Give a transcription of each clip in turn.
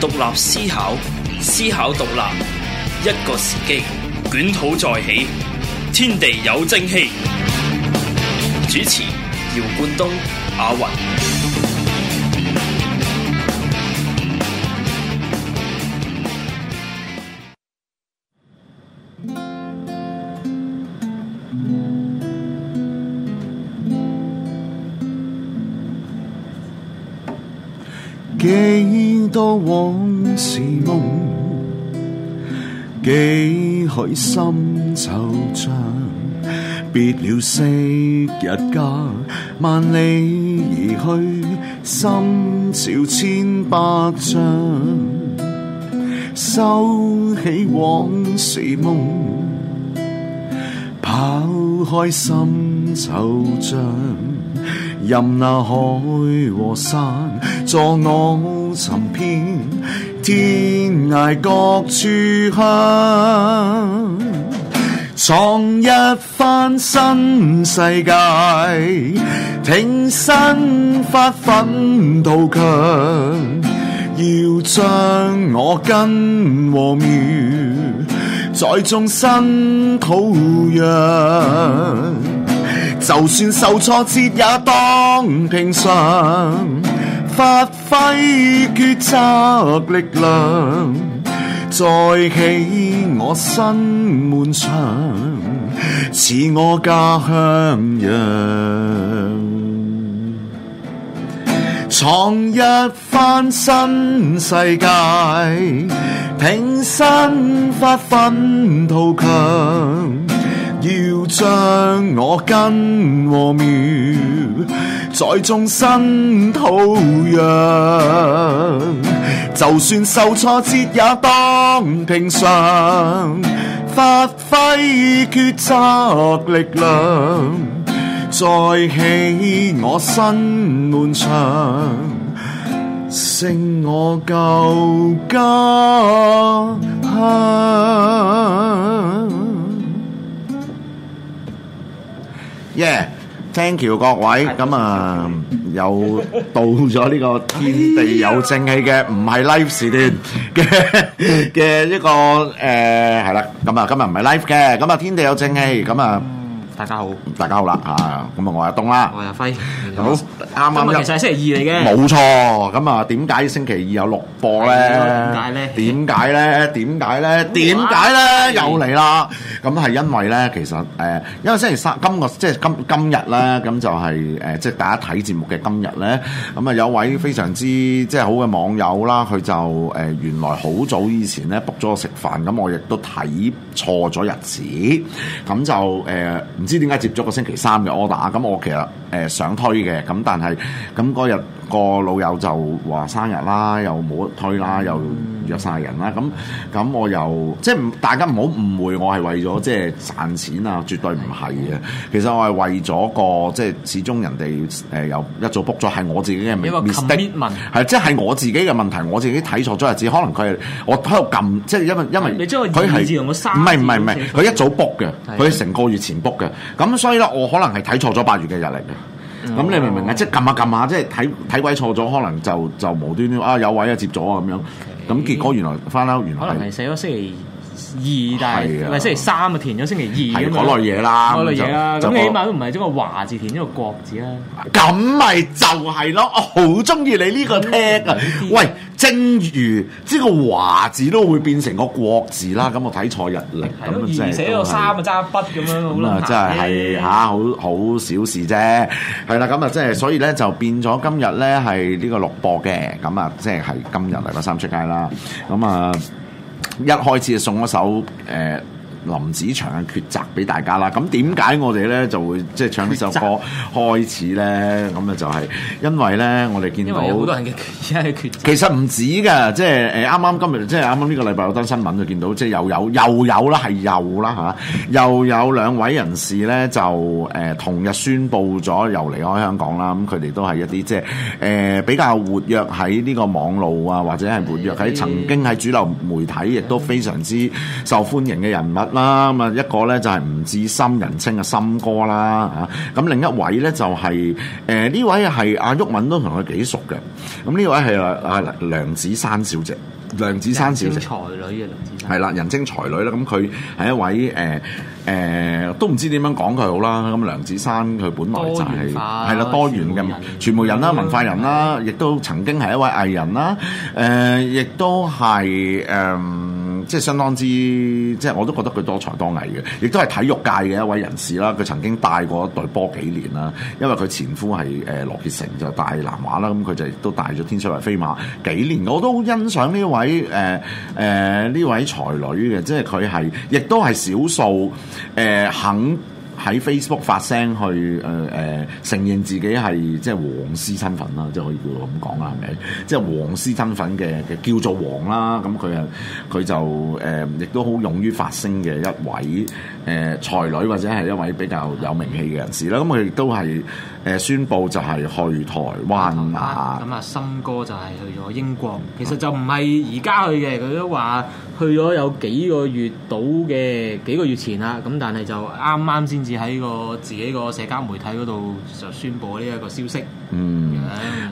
獨立思考，思考獨立，一個時機，捲土再起，天地有蒸氣。主持：姚冠東、阿云。幾多往事夢，幾許心惆悵。別了昔日家，萬里而去，心潮千百丈。收起往事夢，拋開心惆悵。任那海和山阻我尋遍天涯各處鄉，創一番新世界，挺身發奮圖強，要將我根和苗再種新土壤。就算受挫折也當平常，發揮抉擇力量，再起我新門牆，似我家鄉樣，創一番新世界，挺身發奮圖強。要將我根和苗再種新土壤，就算受挫折也當平常，發揮抉擇力量，再起我新門牆，勝我舊家鄉。啊嘅，聽橋各位，咁啊又到咗呢個天地有正氣嘅，唔係 live 時段嘅嘅一個誒，係啦，咁啊，今日唔係 live 嘅，咁啊天地有正氣，咁啊。大家好，大家好啦嚇，咁啊，我阿東啦，我阿輝，好啱啱一，其實係星期二嚟嘅，冇錯。咁啊，點解星期二有六播咧？點解咧？點解咧？點解咧？點解咧？又嚟啦？咁係因為咧，其實誒，因為星期三今日即係今今日咧，咁就係誒，即係大家睇節目嘅今日咧。咁啊，有位非常之即係好嘅網友啦，佢就誒原來好早以前咧 book 咗我食飯，咁我亦都睇錯咗日子，咁就誒。唔知點解接咗個星期三嘅 order？咁我其實誒、呃、想推嘅，咁但係咁嗰日個老友就話生日啦，又冇得推啦，又。有曬人啦，咁咁我又即係大家唔好誤會，我係為咗即係賺錢啊，絕對唔係嘅。其實我係為咗個即係始終人哋誒又一早 book 咗，係我自己嘅 mistake，係即係我自己嘅問題，我自己睇錯咗日子。可能佢係我喺度撳，即係因為因為佢係唔係唔係唔係，佢一早 book 嘅，佢成個月前 book 嘅。咁所以咧，我可能係睇錯咗八月嘅日嚟嘅。咁、嗯、你明唔明啊？即係撳下撳下，即係睇睇位錯咗，可能就就無端端啊有位啊接咗啊咁樣。咁結果原來翻嬲，原來可能係寫咗星期二，但係唔係星期三啊填咗星期二，嗰類嘢啦，嗰類嘢啦。咁就起碼都唔係整個華字填一個國字啦。咁咪、啊、就係咯，我好中意你呢個 tag 啊！喂。正如即個華字都會變成個國字啦，咁我睇錯日曆，而、就是、寫咗是三個揸筆咁樣咁咯，真係係嚇，好好小事啫。係啦，咁啊，即係所以咧就變咗今，今日咧係呢個錄播嘅，咁啊即係係今日禮拜三出街啦。咁啊一開始就送咗一首誒。呃林子祥嘅抉擇俾大家啦，咁點解我哋咧就會即係唱呢首歌開始咧？咁就係、是、因為咧，我哋見到好多人嘅而家嘅抉擇其實唔止噶，即係啱啱今日即係啱啱呢個禮拜有單新聞就見到，即係又有又有啦，係又啦、啊、又有兩位人士咧就誒、呃、同日宣布咗又離開香港啦。咁佢哋都係一啲即係誒、呃、比較活躍喺呢個網路啊，或者係活躍喺的曾經喺主流媒體亦都非常之受歡迎嘅人物。啦咁啊，一個咧就係吳志森人稱嘅森哥啦嚇，咁另一位咧就係誒呢位係阿毓民都同佢幾熟嘅。咁、啊、呢位係阿、啊嗯、梁子珊小姐，梁子珊小姐。才女啊，梁子珊。係啦，人稱才女啦，咁佢係一位誒誒、呃呃，都唔知點樣講佢好啦。咁、嗯、梁子珊佢本來就係係啦多元嘅傳、啊、媒人啦、文化人啦，亦、嗯、都曾經係一位藝人啦，誒、呃，亦都係誒。嗯即係相當之，即係我都覺得佢多才多藝嘅，亦都係體育界嘅一位人士啦。佢曾經帶過一隊波幾年啦，因為佢前夫係誒、呃、羅傑承，就是、帶南華啦，咁、嗯、佢就亦都帶咗天水圍飛馬幾年。我都好欣賞呢位誒誒呢位才女嘅，即係佢係亦都係少數誒、呃、肯。喺 Facebook 發聲去誒誒承認自己係即係黃絲身份啦，即係可以叫咁講啦，係咪？即係黃絲身份嘅叫做黃啦，咁佢係佢就誒亦都好勇於發聲嘅一位誒才女，或者係一位比較有名氣嘅人士啦。咁佢亦都係誒宣布就係去台灣啊。咁啊，森哥就係去咗英國，其實就唔係而家去嘅，佢都話，去咗有幾個月到嘅幾個月前啦，咁但係就啱啱先至喺個自己個社交媒體嗰度就宣佈呢一個消息。嗯，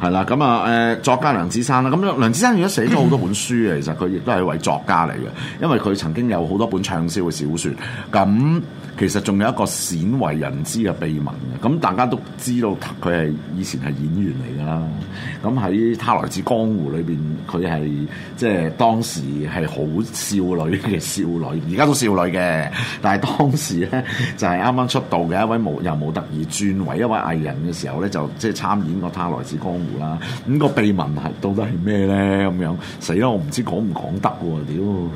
係啦、嗯，咁啊誒作家梁芷珊啦，咁梁芷珊如果寫咗好多本書嘅， 其實佢亦都係一位作家嚟嘅，因為佢曾經有好多本暢銷嘅小說。咁其實仲有一個鮮為人知嘅秘聞嘅，咁大家都知道佢係以前係演員嚟㗎啦。咁喺《他來自江湖裡面》裏邊，佢係即係當時係好。少女嘅少女，而家都少女嘅，但係當時咧就係啱啱出道嘅一位模又模特兒轉為一位藝人嘅時候咧，就即係參演過《他來自江湖》啦。咁個秘聞係到底係咩咧？咁樣死啦！我唔知講唔講得喎，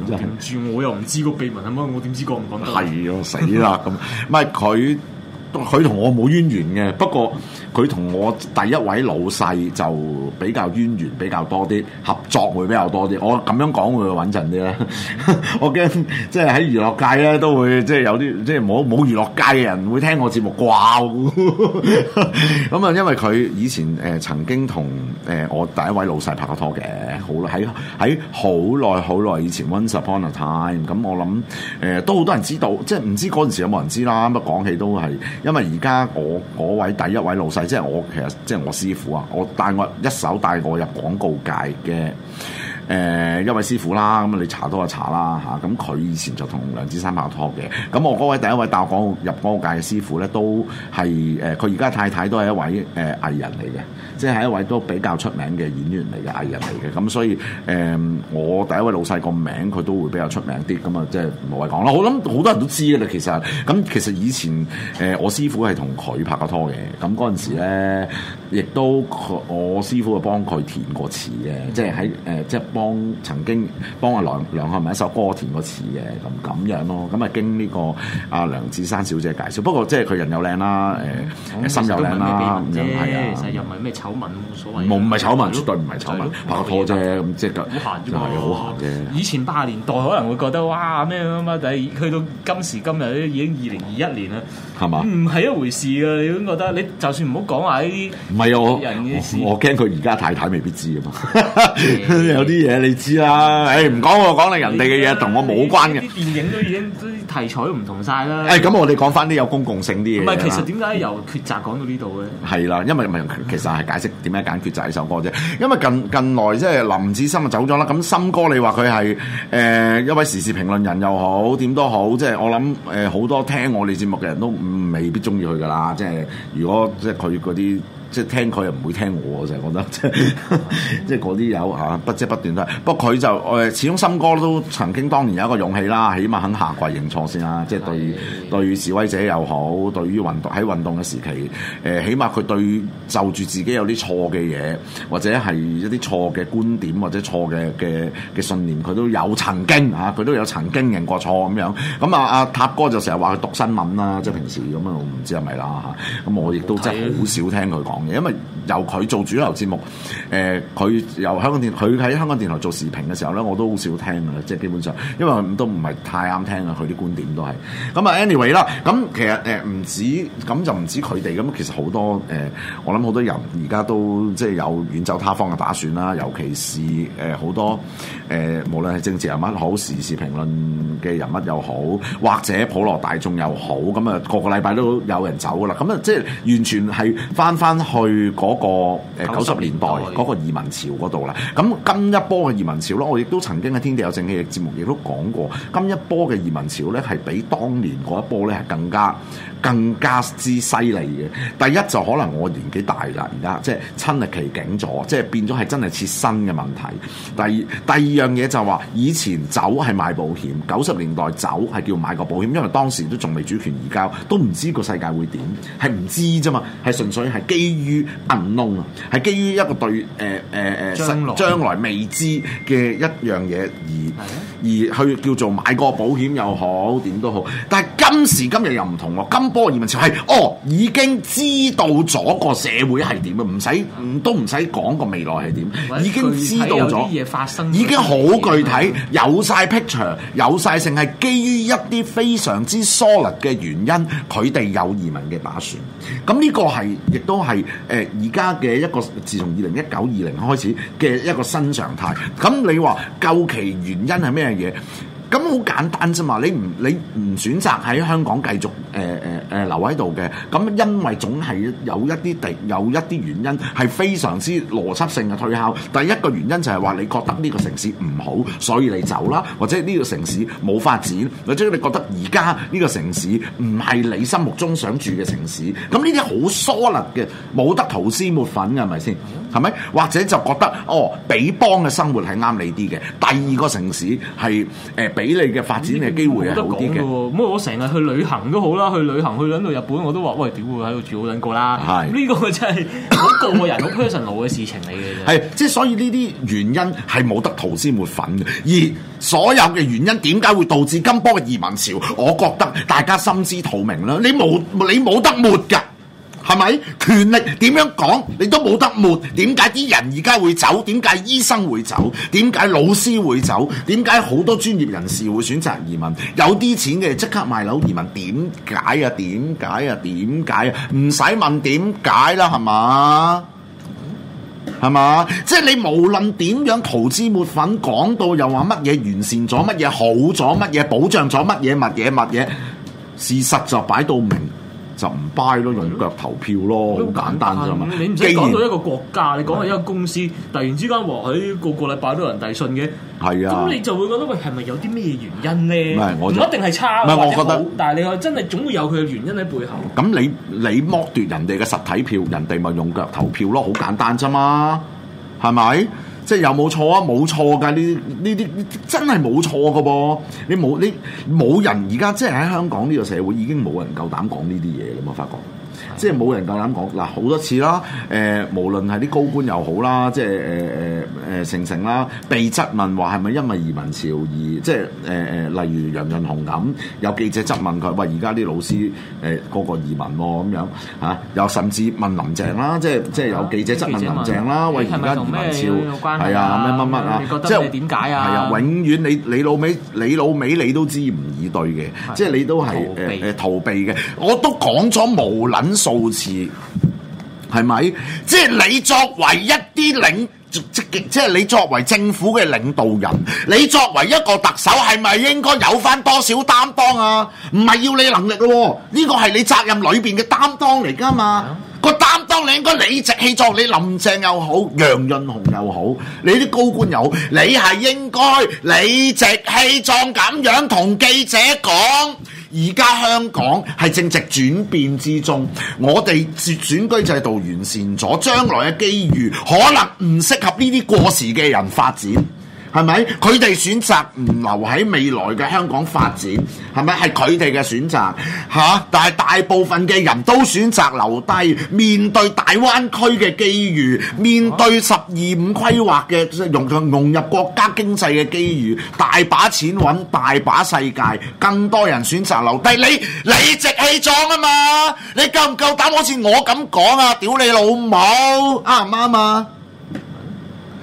屌真係唔住我又唔知個秘聞係乜，我點知講唔講得？係啊，死啦咁，唔係佢佢同我冇淵源嘅，不過。佢同我第一位老細就比較淵源比較多啲，合作會比較多啲。我咁樣講會穩陣啲啦。 我驚即係喺娛樂界咧都會即係有啲即係冇冇娛樂界嘅人會聽我節目掛。咁啊、哦， 因為佢以前誒、呃、曾經同誒我第一位老細拍過拖嘅，好喺喺好耐好耐以前。Once upon a time，咁我諗誒、呃、都好多人知道，即係唔知嗰陣時有冇人知啦。咁啊講起都係因為而家我嗰位第一位老細。即係我其實即係我師傅啊，我帶我一手帶我入廣告界嘅，誒、呃、一位師傅啦，咁你查都係查啦吓，咁、啊、佢以前就同梁子山拍拖嘅，咁我嗰位第一位踏入廣告入廣告界嘅師傅咧，都係誒佢而家太太都係一位誒藝、呃、人嚟嘅。即係一位都比較出名嘅演員嚟嘅藝人嚟嘅，咁所以誒、嗯，我第一位老細個名佢都會比較出名啲，咁啊即係無謂講啦，我諗好多人都知嘅啦，其實咁其實以前誒、呃、我師傅係同佢拍過拖嘅，咁嗰陣時咧。亦都我師傅啊幫佢填過詞嘅，即係喺誒即係幫曾經幫阿梁梁漢文一首歌填過詞嘅咁咁樣咯。咁啊經呢個阿梁芷珊小姐介紹，不過即係佢人又靚啦，誒心又靚啦，咁樣係啊，其實又唔係咩醜聞，冇所謂。唔係醜聞，絕對唔係醜聞，拍拖啫，咁即係就係好閒啫。以前八十年代可能會覺得哇咩乜乜，但係去到今時今日已經二零二一年啦，係嘛？唔係一回事啊，你都覺得？你就算唔好講話呢啲。係我，我驚佢而家太太未必知啊嘛！ 有啲嘢你知啦，誒唔講我講你人哋嘅嘢，同我冇關嘅。電影都已經啲題材都唔同晒啦。誒 Hey, 你，咁我哋講翻啲有公共性啲嘢。唔係，其實點解由抉擇講到呢度嘅？係啦，因為其實係解釋點解揀抉擇呢首歌啫。因為近近來即係林志森就走咗啦，咁森哥你話佢係誒一位時事評論人又好，點都好，即係我諗誒好多聽我哋節目嘅人都未必中意佢噶啦，即係如果即係佢嗰啲。就是即係聽佢又唔會聽我，就係覺得即係即係嗰啲有，嚇的、 啊、不遮不斷都係。不過佢就誒、呃、始終心哥都曾經當然有一個勇氣啦，起碼肯下跪認錯先啦、啊。即係對的對於示威者又好，對於運動喺運動嘅時期誒、呃，起碼佢對就住自己有啲錯嘅嘢，或者係一啲錯嘅觀點或者錯嘅嘅嘅信念，佢都有曾經嚇，佢、啊、都有曾經認過錯咁樣。咁啊啊塔哥就成日話佢讀新聞啦、啊，即係平時咁、嗯嗯嗯、啊，啊，我唔知係咪啦嚇。咁我亦都真係好看少聽佢講。因為由佢做主流節目，誒、呃、佢由香港電佢喺香港電台做時評嘅時候咧，我都好少聽嘅，即係基本上，因為都唔係太啱聽啊。佢啲觀點都係。咁啊，anyway 啦，咁、嗯、其實誒唔、呃、止咁、嗯、就唔止佢哋，咁其實好多誒、呃，我諗好多人而家都即係有遠走他方嘅打算啦。尤其是誒好、呃、多誒、呃，無論係政治人物好時事評論嘅人物又好，或者普羅大眾又好，咁、嗯、啊個個禮拜都有人走噶啦。咁、嗯、啊，即係完全係翻翻。去嗰個誒九十年代嗰個移民潮嗰度啦，咁今一波嘅移民潮咯，我亦都曾經喺天地有正氣嘅節目亦都講過，今一波嘅移民潮咧係比當年嗰一波咧係更加更加之犀利嘅。第一就可能我年紀大啦，而家即係親歷其境咗，即係變咗係真係切身嘅問題。第二，第二樣嘢就話以前走係買保險，九十年代走係叫買個保險，因為當時都仲未主權移交，都唔知個世界會點，係唔知咋嘛，係純粹係基。於銀窿啊，係基於一個對誒誒、呃、將，來將來未知嘅一樣嘢而嗎而去叫做買個保險又好點都好，但係今時今日又唔同喎，今波移民潮係哦已經知道咗個社會係點啊，唔使唔都唔使講個未來係點，已經知道咗，或者 已經好具，具體，嗯、有晒 picture，有晒性，係基於一啲非常之 solid 嘅原因，佢哋有移民嘅打算。咁呢個係亦都係。誒，而家嘅一個自從二零一九二零開始嘅一個新常態。咁你話究其原因係咩嘢？咁好簡單啫嘛，你唔你唔選擇喺香港繼續誒誒、呃呃呃、留喺度嘅，咁因為總係有一啲地有一啲原因係非常之邏輯性嘅退後。第一個原因就係話你覺得呢個城市唔好，所以你走啦，或者呢個城市冇發展，或者你覺得而家呢個城市唔係你心目中想住嘅城市，咁呢啲好 solid 嘅，冇得塗脂抹粉嘅，係咪先？係咪？或者就覺得哦，彼邦嘅生活係啱你啲嘅。第二個城市係誒、呃俾你嘅發展嘅機會係好啲嘅，咁我成日去旅行都好啦，去旅行去到日本我都話：喂，點會！喺度住好撚過啦。係呢個真係好個人好 personal 嘅事情嚟嘅。係， 即係所以呢啲原因係冇得塗脂抹粉嘅，而所有嘅原因點解會導致今波嘅移民潮，我覺得大家心知肚明啦。你冇你冇得抹㗎。係咪權力點樣講，你都冇得抹？點解啲人而家會走？點解醫生會走？點解老師會走？點解好多專業人士會選擇移民？有啲錢嘅即刻賣樓移民？點解啊？點解啊？點解啊？唔使、啊、問點解啦，係嘛？係嘛？即、就、係、是、你無論點樣塗脂抹粉，講到又話乜嘢完善咗，乜嘢好咗，乜嘢保障咗，乜嘢乜嘢乜嘢，事實就擺到明。就唔 buy 咯，用腳投票咯，好的簡單啫嘛。你唔使講到一個國家，然你講下一個公司，是的突然之間喎，佢、哎、個個禮拜都有人遞信嘅，係啊的。咁你就會覺得喂，係咪有啲咩原因咧？唔一定係差，唔係我覺得，但係你話真係總會有佢嘅原因喺背後。咁你你剝奪人哋嘅實體票，人哋咪用腳投票咯，好簡單啫嘛，係咪？是即係有冇錯啊？冇錯㗎！呢啲呢啲真係冇錯㗎噃，你冇你冇人而家即係喺香港呢個社會已經冇人夠膽講呢啲嘢啦嘛，你有冇發覺？即係冇人夠膽講嗱，好多次啦，誒，無論係啲高官又好啦，即係誒誒誒成成啦，被質問話係咪因為移民潮而即係誒誒，例如楊潤雄咁，有記者質問佢，喂，而家啲老師誒、呃、個個移民喎咁樣嚇，又、啊、甚至問林鄭啦，即係即係有記者質問林鄭啦，喂、啊，而家移民潮關係啊，乜乜乜啊，即係點解啊？係啊，永遠你你老味，你老尾老味你，你都支吾以對嘅，即係的你都係誒誒逃避嘅、呃，我都講咗冇撚。告辭係咪？即係你作為一啲領即，即係你作為政府嘅領導人，你作為一個特首，係咪應該有返多少擔當啊？唔係要你能力咯，呢個係你責任裏邊嘅擔當嚟㗎嘛。個擔當你應該理直氣壯，你林鄭又好，楊潤雄又好，你啲高官又好，你係應該理直氣壯咁樣同記者講。而家香港係正值轉變之中，我哋選選舉制度完善咗，將來嘅機遇可能唔適合呢啲過時嘅人發展。係咪？佢哋選擇唔留喺未來嘅香港發展，係咪？係佢哋嘅選擇吓？但係大部分嘅人都選擇留低，面對大灣區嘅機遇，啊、面對十二五規劃嘅融入融入國家經濟嘅機遇，大把錢揾，大把世界，更多人選擇留低。你理直氣壯啊嘛？你夠唔夠膽好似我咁講啊？屌你老母！啱唔啱啊？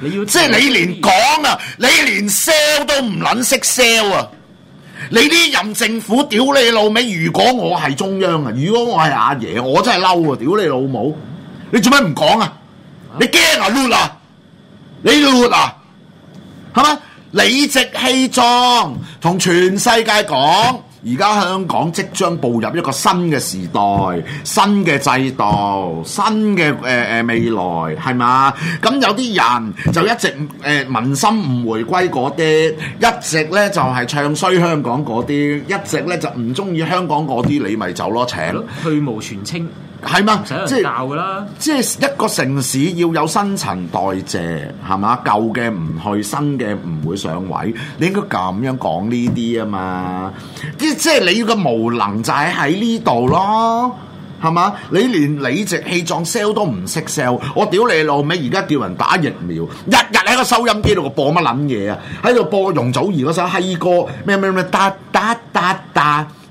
你要即係你連講啊，你連 sell 都唔捻識 sell 啊！你啲任政府屌你老味，如果我係中央啊，如果我係阿爺，我真係嬲啊！屌你老母！你做咩唔講啊？你驚啊？你你啊？係咪、啊、理直氣壯同全世界講？ 而家香港即將步入一個新嘅時代、新嘅制度、新嘅誒誒未來，係嘛？咁有啲人就一直誒、呃、民心唔回歸嗰啲，一直咧就係、是、唱衰香港嗰啲，一直咧就唔中意香港嗰啲，你咪走咯，請，去無全清。係嘛，即係鬧噶啦，即係一個城市要有新陳代謝，係嘛，舊嘅唔去，新嘅唔會上位，你應該咁樣講呢啲啊嘛，啲即係你要個無能就係喺呢度咯，係嘛，你連理直氣壯 sell 都唔識 sell，我屌你老味，而家叫人打疫苗，日日喺個收音機度播乜捻嘢啊，喺度播容祖兒嗰首嗨歌咩咩咩噠噠噠噠。什麼什麼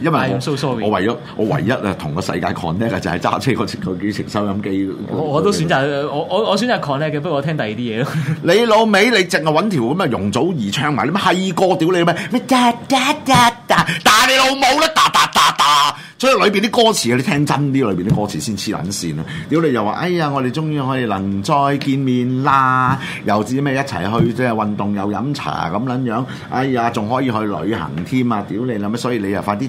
因為我我咗 so 我唯一啊同個世界 connect 嘅就係揸車嗰嗰幾程收音機。我我都選擇我我我選擇 connect，不過我聽第二啲嘢囉。你老味，你淨係揾條咁啊容祖兒唱埋啲咩係歌？屌你咩？咩？嗒嗒嗒嗒你老母啦！嗒嗒嗒嗒。所以裏邊啲歌詞你聽真啲，裏邊啲歌詞先黐撚線啊！屌你又話哎呀，我哋終於可以能再見面啦！又至咩一齊去即係運動又飲茶咁撚樣。哎呀，仲可以去旅行添啊！屌你所以你又快啲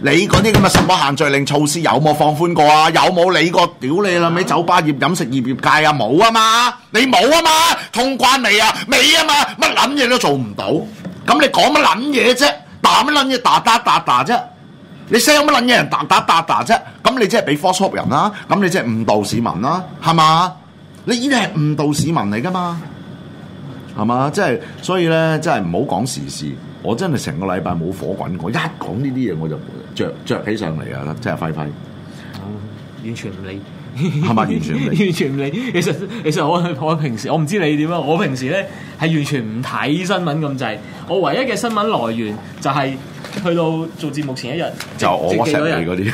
你嗰啲咁嘅什麼限聚令措施有冇放寬過啊？有冇理過屌你老味酒吧業飲食業業界啊？冇啊嘛！你冇啊嘛！通關未啊？未啊嘛！乜撚嘢都做唔到，咁你講乜撚嘢啫？打乜撚嘢？打打打打啫？你聲乜撚嘢？人打打打打啫？咁你即係俾 four shop 人啦，啊，咁你即係誤導市民啦，啊，係嘛？你呢啲係誤導市民嚟㗎嘛？係嘛？即、就、係、是、所以咧，真係唔好講時事，我真係成個禮拜冇火滾過，一講呢啲嘢我就。着着起上嚟啊！即係輝輝，完全唔理，係咪 完全唔理 完全唔理？其實其實我我平時我唔知你點樣！我平時咧係完全唔睇新聞咁滯，我唯一嘅新聞來源就係、係、去到做節目前一日就我成日嗰啲，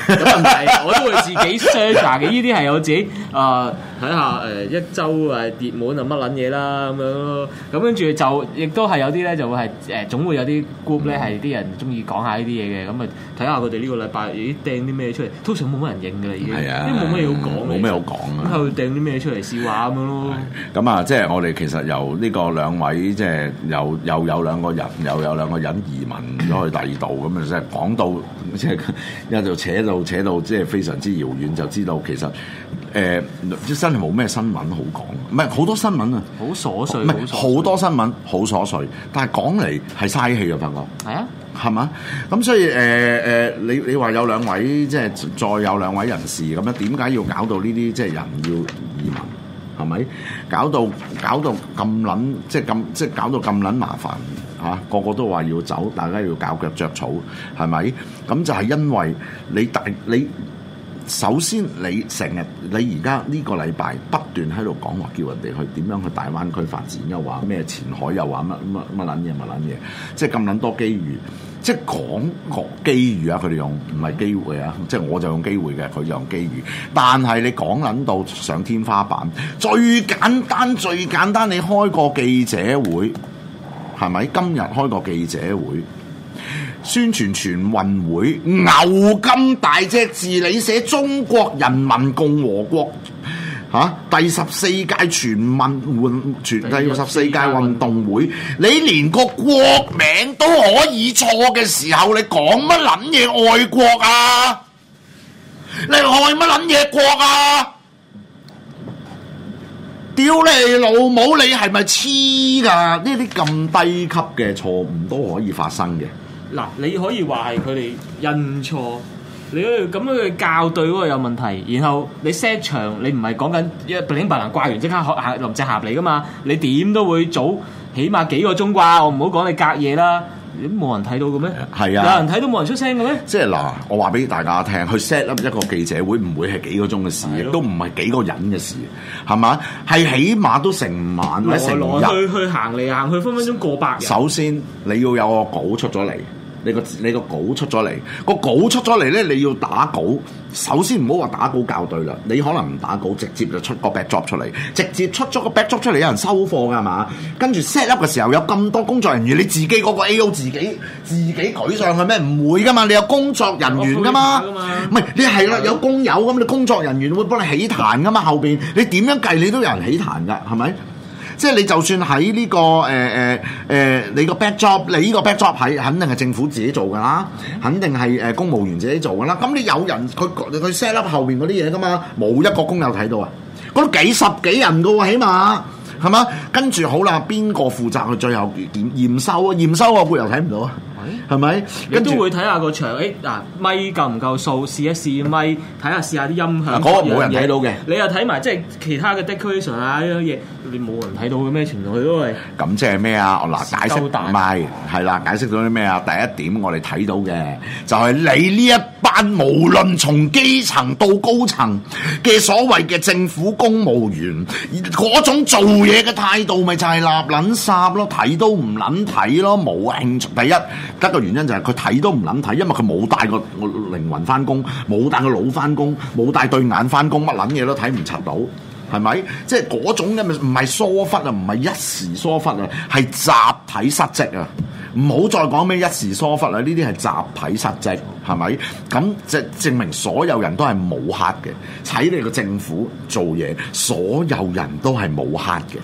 唔係我， 我都會自己 search 嘅，呢啲係我自己啊。呃睇下誒、呃，一周誒跌滿啊乜撚嘢啦咁樣，咁跟住就亦都係有啲咧，就會係誒總會有啲 group 咧係啲人中意講下呢啲嘢嘅，咁啊睇下佢哋呢個禮拜咦掟啲咩出嚟，通常冇乜人應嘅已經，都冇乜嘢好講，冇乜好講啊，咁佢掟啲咩出嚟笑話咁樣咯。咁啊，即係我哋其實由呢個兩位即係又又有兩個人又有，有兩個人移民咗去第二度，咁啊即係講到即係一就扯到扯到即係非常之遙遠，就知道其實誒、呃冇咩新聞好講，唔係好多新聞啊，好瑣碎，唔係好多新聞好瑣碎，但係講嚟係嘥氣啊！發覺係啊，係嘛？咁所以誒誒，你你話有兩位即係再有兩位人士咁樣，點解要搞到呢啲即係人要移民係咪？搞到搞到咁撚即係咁即係搞到咁撚麻煩嚇，個個都話要走，大家要搞腳著草係咪？咁就係因為你大你。首先你整，你成日你而家呢個禮拜不斷喺度講話，叫人哋去點樣去大灣區發展又，又話咩前海又，又話乜乜乜撚嘢，乜撚嘢，即係咁撚多機遇，即係講個機遇啊！佢哋用唔係機會啊，即係我就用機會嘅，佢就用機遇。但係你講撚到上天花板，最簡單最簡單，你開個記者會係咪？今日開個記者會。宣傳全運會，牛咁大隻字，你寫中國人民共和國吓、啊，第十四屆全運會，全第十四屆運動會，你連個國名都可以錯嘅時候，你講乜捻嘢愛國啊？你愛乜捻嘢國啊？屌你老母！你係咪黐㗎？呢啲咁低級嘅錯誤都可以發生嘅。嗱，你可以話係佢哋印錯，你咁樣去校對嗰個有問題，然後你 set 場，你唔係講緊一 blingbling 掛完即刻合林鄭合嚟噶嘛？你點都會早，起碼幾個鐘啩？我唔好講你隔夜啦，咁冇人睇到嘅咩？係啊，有人睇都冇人出聲嘅咩？即係嗱，我話俾大家聽，去 set up 一個記者會唔會係幾個鐘嘅事？亦都唔係幾個人嘅事，係嘛？係起碼都成晚，一成日去行嚟行去，分分鐘過百。首先你要有個稿出咗嚟。你個你個稿出咗嚟，個稿出咗嚟咧，你要打稿，首先唔好話打稿校對啦，你可能唔打稿，直接就出個 back job 出嚟，直接出咗個 back job 出嚟，有人收貨㗎嘛？跟住 set up 嘅時候有咁多工作人員，你自己嗰個 AO 自己自己舉上去咩？唔會噶嘛，你有工作人員㗎嘛？唔係，你係啦，有工友咁，你工作人員會幫你起彈㗎嘛？後面你點樣計，你都有人起彈㗎，係咪？即係你就算喺呢、呢個誒誒誒，你，back job，你呢個 back job，你呢個 back job 係肯定係政府自己做㗎啦，肯定係誒公務員自己做㗎啦。咁你有人佢佢 set up 後面嗰啲嘢㗎嘛？冇一個工友睇到啊！嗰幾十幾人㗎喎，起碼係嘛？跟住好啦，邊個負責去最後驗驗收啊？驗收啊，背又睇唔到啊！係咪？跟住都會睇下個場，誒嗱，咪夠唔夠數？試一試咪，睇下試下啲音響。嗰個冇人睇到嘅。你又睇埋即係其他嘅 decoration 啊呢樣嘢，你冇人睇到嘅咩程度？佢都係。咁即係咩啊？嗱，啊、解釋唔係係啦，解釋到啲咩啊？第一點我哋睇到嘅就係你呢一班無論從基層到高層嘅所謂嘅政府公務員，嗰種做嘢嘅態度，咪就係立撚殺咯，睇都唔捻睇咯，冇興趣。第一，跟原因就係佢睇都唔諗睇，因為佢冇帶個靈魂翻工，冇帶個腦翻工，冇帶對眼翻工，乜撚嘢都睇唔察到。係咪？即係嗰種嘅唔係疏忽啊，唔係一時疏忽啊，係集體失職啊！唔好再講咩一時疏忽啦，呢啲係集體失職，係咪？咁即係證明所有人都係冇黑嘅，睇你個政府做嘢，所有人都係冇黑嘅，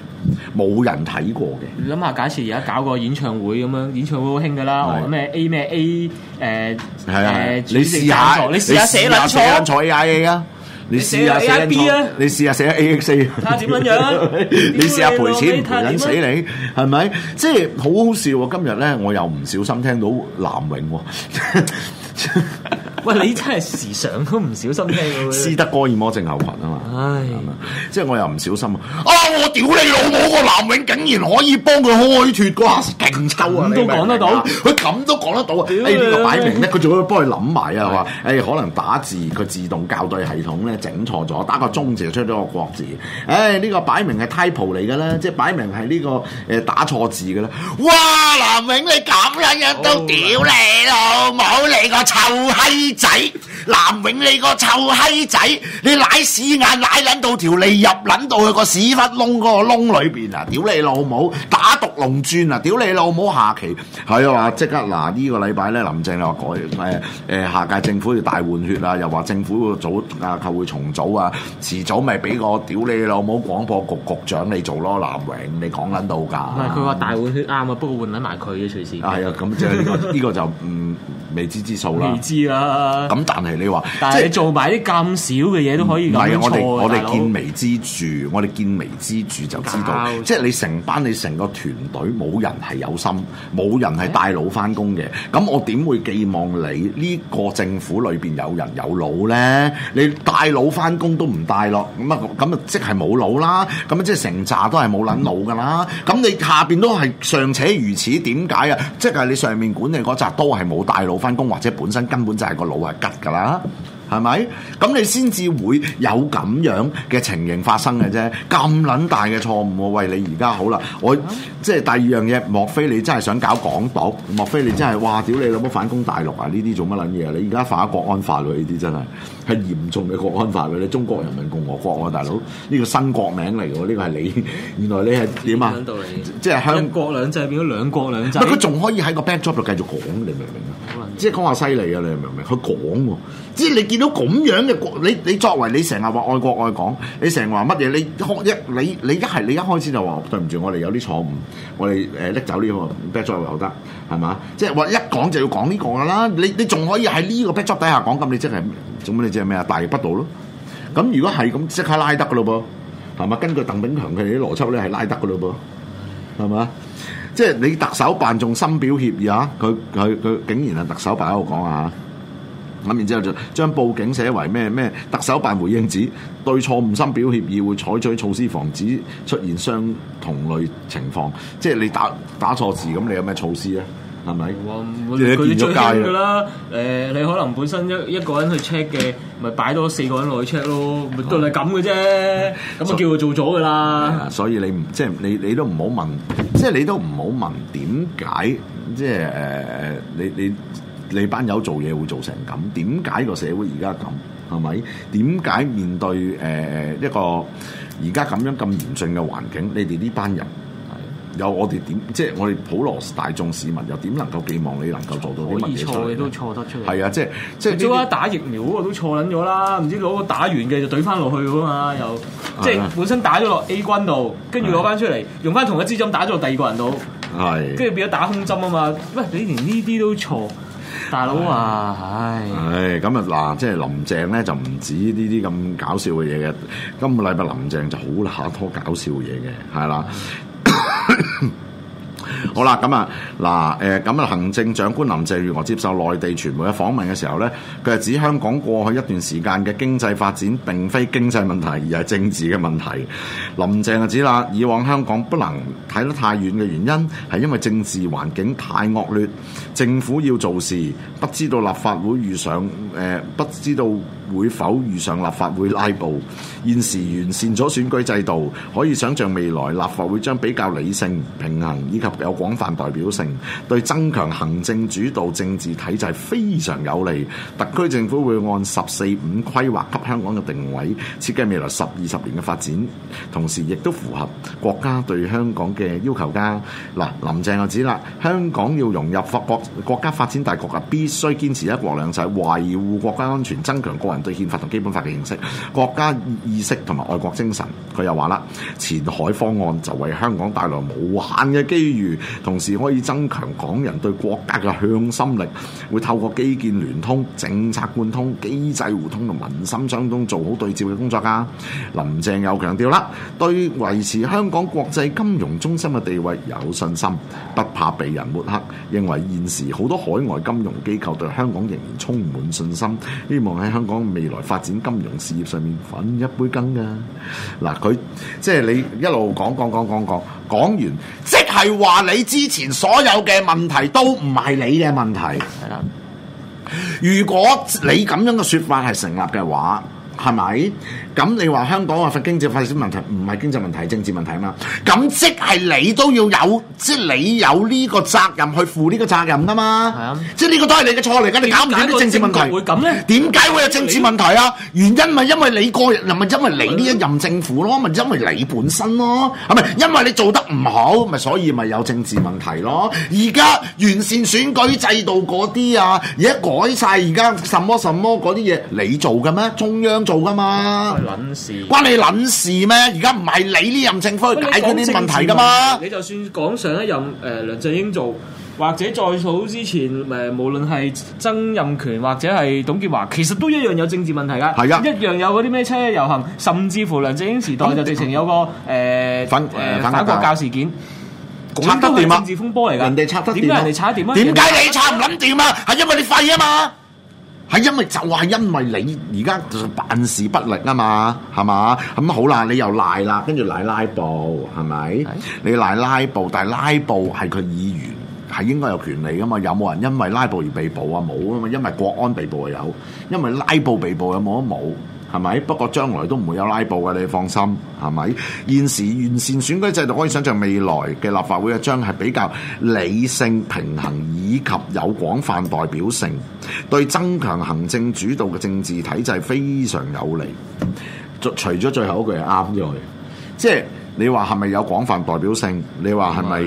冇人睇過嘅。你諗下，假設而家搞個演唱會咁樣，演唱會好興㗎啦，咩是 A 咩 A 誒誒、呃，啊、你試下，你試下寫兩錯，寫兩錯嘢㗎。你試下 A I P 啊！ 你試下寫 A X C 啊！睇下點樣樣，你試下賠錢唔賠，緊死你，係咪？即係好好笑喎！今日咧我又唔小心聽到南永喎。喂，你真係時常都唔小心咩？斯德哥爾摩症候群啊嘛，係嘛？即係我又唔小心啊！我屌你老母，個南永竟然可以幫佢開脫啩？勁臭咁都講得到，佢咁都講得到啊！誒呢個擺明咧，佢仲要幫佢諗埋啊！話誒可能打字佢自動校對系統咧整錯咗，打個中字出咗個國字。誒呢個擺明係 type 嚟㗎啦，即係擺明係呢個誒打錯字㗎啦。哇！南永你咁樣樣都屌你老母，你個臭閪！仔南永，你個臭閪仔，你舐屎眼舐撚到條脷入撚到去個屎忽窿嗰個窿裏邊啊！屌你老母，打毒龍鑽啊！屌你老母，下期係啊！即刻嗱，呢個禮拜咧，林鄭又改誒誒，下屆政府要大換血啊！又話政府個組啊球會重組啊，遲早咪俾個屌你老母廣播局局長你做咯，南永你講撚到㗎、啊？唔係佢話大換血啱啊，不過換撚埋佢嘅隨時。哎啊，咁即係呢個呢個就嗯未知之數啦。未知啦、啊、～咁、uh，但係你話，即係做埋啲咁少嘅嘢都可以揾錯唔係我哋，我哋見微知著，哥我哋見微知著就知道，即係你成班你成個團隊冇人係有心，冇人係帶腦翻工嘅。咁、啊、我點會寄望你呢、呢個政府裏邊有人有腦咧？你帶腦翻工都唔帶落，咁啊咁啊，即係冇腦啦。咁啊，即係成扎都係冇撚腦噶啦。咁、嗯、你下邊都係尚且如此，點解啊？即係你上面管理嗰扎都係冇帶腦翻工，或者本身根本就係、嗰個。老係吉噶啦，係咪？咁你先至會有咁樣嘅情形發生嘅啫。咁撚大嘅錯誤，啊喂，我餵你而家好啦，我即係第二樣嘢，莫非你真係想搞港獨？莫非你真係哇屌你老母反攻大陸啊？呢啲做乜撚嘢啊？你而家犯咗國安法喎？呢啲真係。係嚴重嘅國安法嘅咧，中國人民共和國啊，大佬呢個新國名嚟嘅喎，呢個係你原來你係點啊？即係香港兩制變咗兩國兩制。唔係佢仲可以喺個 backdrop 度繼續講，你明唔明啊？即係講話犀利啊！你明唔明？佢講喎，即係你見到咁樣嘅國，你你作為你成日話愛國愛港，你成日話乜嘢？你一你你一係你一開始就話對唔住，我哋有啲錯誤，我哋誒拎走呢個 backdrop 都得，係嘛？即係話一講就要講呢個㗎啦！你你仲可以喺呢個 backdrop 底下講，咁你真係？咁你你借咩啊？大逆不道咯！咁如果係咁，即刻拉得噶咯噃，係咪？根據鄧炳強佢哋啲邏輯咧，係拉得噶咯噃，係嘛？即係你特首辦仲深表歉意啊！佢佢佢竟然係特首辦喺度講啊！咁然之後就將報警寫為咩咩？特首辦回應指對錯誤深表歉意，會採取措施防止出現相同類情況。即係你打打錯字咁，你有咩措施咧、啊？係咪喎？是是不你嗰啲嘅啦，誒、啊，你可能本身一一個人去 check 嘅，咪擺多四個人落去 check 咯，咪都係咁嘅啫。咁、啊、就叫佢做咗嘅啦。所以你唔，即、就、係、是、你，你都唔好問，即、就、係、是、你都唔好問點解，即係誒誒，你你你班友做嘢會做成咁？點解個社會而家咁？係咪？點解面對誒誒一個而家咁樣咁嚴峻嘅環境，你哋呢班人？有我哋點即係我哋普羅大眾市民又點能夠寄望你能夠做到啲乜嘢出嚟？可以錯，你都錯得出嚟。係啊，即係即係。早一打疫苗我都錯撚咗啦，唔知攞個打完嘅就懟翻落去㗎嘛？又即係本身打咗落 A 君度，跟住攞翻出嚟，用翻同一支針打咗第二個人度，係跟住變咗打空針啊嘛？喂，你連呢啲都錯，大佬啊，唉。唉，咁啊嗱，即係林鄭咧就唔止呢啲咁搞笑嘅嘢嘅，今個禮拜林鄭就好乸多搞笑嘢嘅，係啦。好啦，咁啊，嗱，誒，咁啊，行政長官林鄭月娥接受內地傳媒嘅訪問嘅時候咧，佢係指香港過去一段時間嘅經濟發展並非經濟問題，而係政治嘅問題。林鄭啊指啦，以往香港不能睇得太遠嘅原因係因為政治環境太惡劣，政府要做事，不知道立法會遇上誒、呃，不知道會否遇上立法會拉布。現時完善咗選舉制度，可以想象未來立法會將比較理性、平衡以及。有廣泛代表性，對增強行政主導政治體制非常有利。特區政府會按十四五規劃給香港嘅定位，設計未來十二十年嘅發展，同時亦都符合國家對香港嘅要求。家嗱，林鄭又指啦，香港要融入法國國家發展大局啊，必須堅持一國兩制，維護國家安全，增強個人對憲法同基本法嘅認識，國家意識同埋愛國精神。佢又話啦，前海方案就為香港帶來無限嘅機遇。同時可以增強港人對國家嘅向心力，會透過基建聯通、政策貫通、機制互通同民心相通做好對照嘅工作噶。林鄭又強調啦，對維持香港國際金融中心嘅地位有信心，不怕被人抹黑，認為現時好多海外金融機構對香港仍然充滿信心，希望喺香港未來發展金融事業上面分一杯羹噶。嗱，佢即係你一路講講講講講，講完，即係話你之前所有嘅問題都唔係你嘅問題。如果你咁樣嘅說法係成立嘅話，係咪？咁你話香港啊，份經濟發展問題唔係經濟問題，問題政治問題啊嘛。咁即係你都要有，即係你有呢個責任去負呢個責任㗎嘛。係啊，即係呢個都係你嘅錯嚟㗎，你搞唔掂啲政治問題。點解會咁咧？點解會有政治問題啊？你原因咪因為你個人，咪因為你呢一任政府咯，咪因為你本身咯，係咪？因為你做得唔好，咪所以咪有政治問題咯。而家完善選舉制度嗰啲啊，而家改晒而家什麼什麼嗰啲嘢，你做㗎咩？中央做㗎嘛。關你捻事咩？而家唔係你呢任政府去解決呢啲問題噶嘛？你就算講上一任誒梁振英做，或者在數之前誒，無論係曾蔭權或者係董建華，其實都一樣有政治問題噶，係啊，一樣有嗰啲咩車遊行，甚至乎梁振英時代就直情有個誒反誒反國教事件，拆得掂啊！政治風波嚟㗎，人哋拆得掂啊！人哋拆得掂啊！點解你拆唔捻掂啊？係因為你廢啊嘛！係因為就係、是、因為你而家辦事不力啊嘛，係嘛？咁、嗯、好啦，你又賴啦，跟住賴拉布係咪？是是你賴拉布，但係拉布係佢議員，係應該有權利噶嘛？有冇人因為拉布而被捕啊？冇啊嘛，因為國安被捕就有，因為拉布被捕有冇啊？冇。係咪？不過將來都唔會有拉布嘅，你放心。係咪？現時完善選舉制度，可以想像未來嘅立法會啊，將係比較理性、平衡以及有廣泛代表性，對增強行政主導嘅政治體制非常有利。除咗最後一句係啱咗，即係你話係咪有廣泛代表性？你話係咪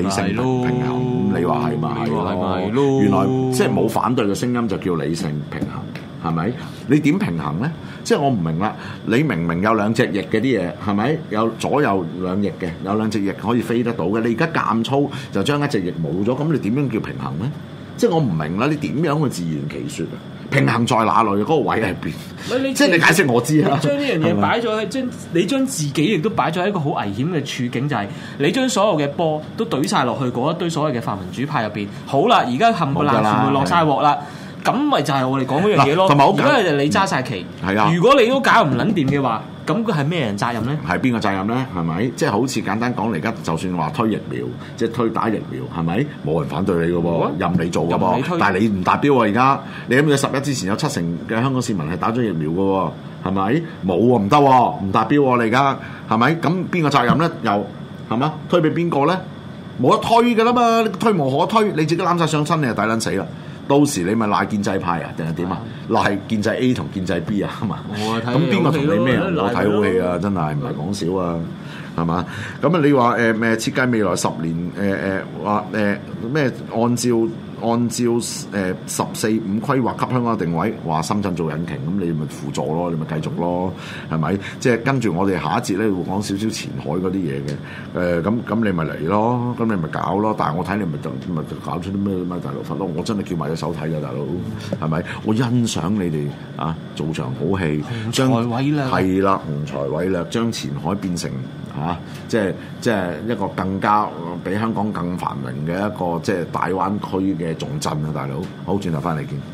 理性平衡？你話係咪？係咪？係係係係，原來即係冇反對嘅聲音就叫理性平衡。係咪？你點平衡咧？即係我唔明啦。你明明有兩隻翼嘅啲嘢，係咪有左右兩翼嘅？有兩隻翼可以飛得到嘅。你而家減粗就將一隻翼冇咗，咁你點樣叫平衡咧？即係我唔明啦。你點樣去自圓其説啊？平衡在哪裡？嗰個位係邊？即係你解釋我知啦。將呢樣嘢擺咗去，將你將自己亦都擺咗喺一個好危險嘅處境，就係、是、你將所有嘅波都懟晒落去嗰一堆所謂嘅泛民主派入邊。好啦，而家冚唪唥，落晒鑊啦。咁咪就係我哋講嗰樣嘢咯，如果係你揸晒旗，係、嗯、啊，如果你都搞唔撚掂嘅話，咁佢係咩人責任咧？係邊個責任咧？係咪？即、就、係、是、好似簡單講嚟，而家就算話推疫苗，即、就、係、是、推打疫苗，係咪？冇人反對你嘅喎，嗯、任你做嘅噃。任你推，但係你唔達標啊！而家你諗住十一之前有七成嘅香港市民係打咗疫苗嘅喎，係咪？冇啊，唔得、啊，唔達標啊！你而家係咪？咁邊個責任咧？又係嘛？推俾邊個咧？冇得推嘅啦嘛，你推無可推，你自己攬晒上身，你就抵撚死啦！到時你咪賴建制派啊，定係點啊？賴、嗯、建制 A 同建制 B 啊，係嘛？咁邊個同你咩？我睇好戲啊，真係唔係講少啊，係嘛、嗯？咁啊，你話誒誒設計未來十年話咩、呃呃呃呃？按照。按照誒十四五規劃給香港定位，話深圳做引擎，咁你咪輔助咯，你咪繼續咯，係咪？即係跟住我哋下一節咧會講少少前海嗰啲嘢嘅，誒咁咁你咪嚟咯，咁你咪搞咯。但係我睇你咪就咪搞出啲咩咩大陸法咯，我真係叫埋隻手睇㗎，大佬，係咪？我欣賞你哋啊，做場好戲，紅將係啦，宏才偉略將前海變成。嚇、啊！即係即係一個更加比香港更繁榮嘅一個即係大灣區嘅重鎮啊，大佬！好轉頭翻嚟見。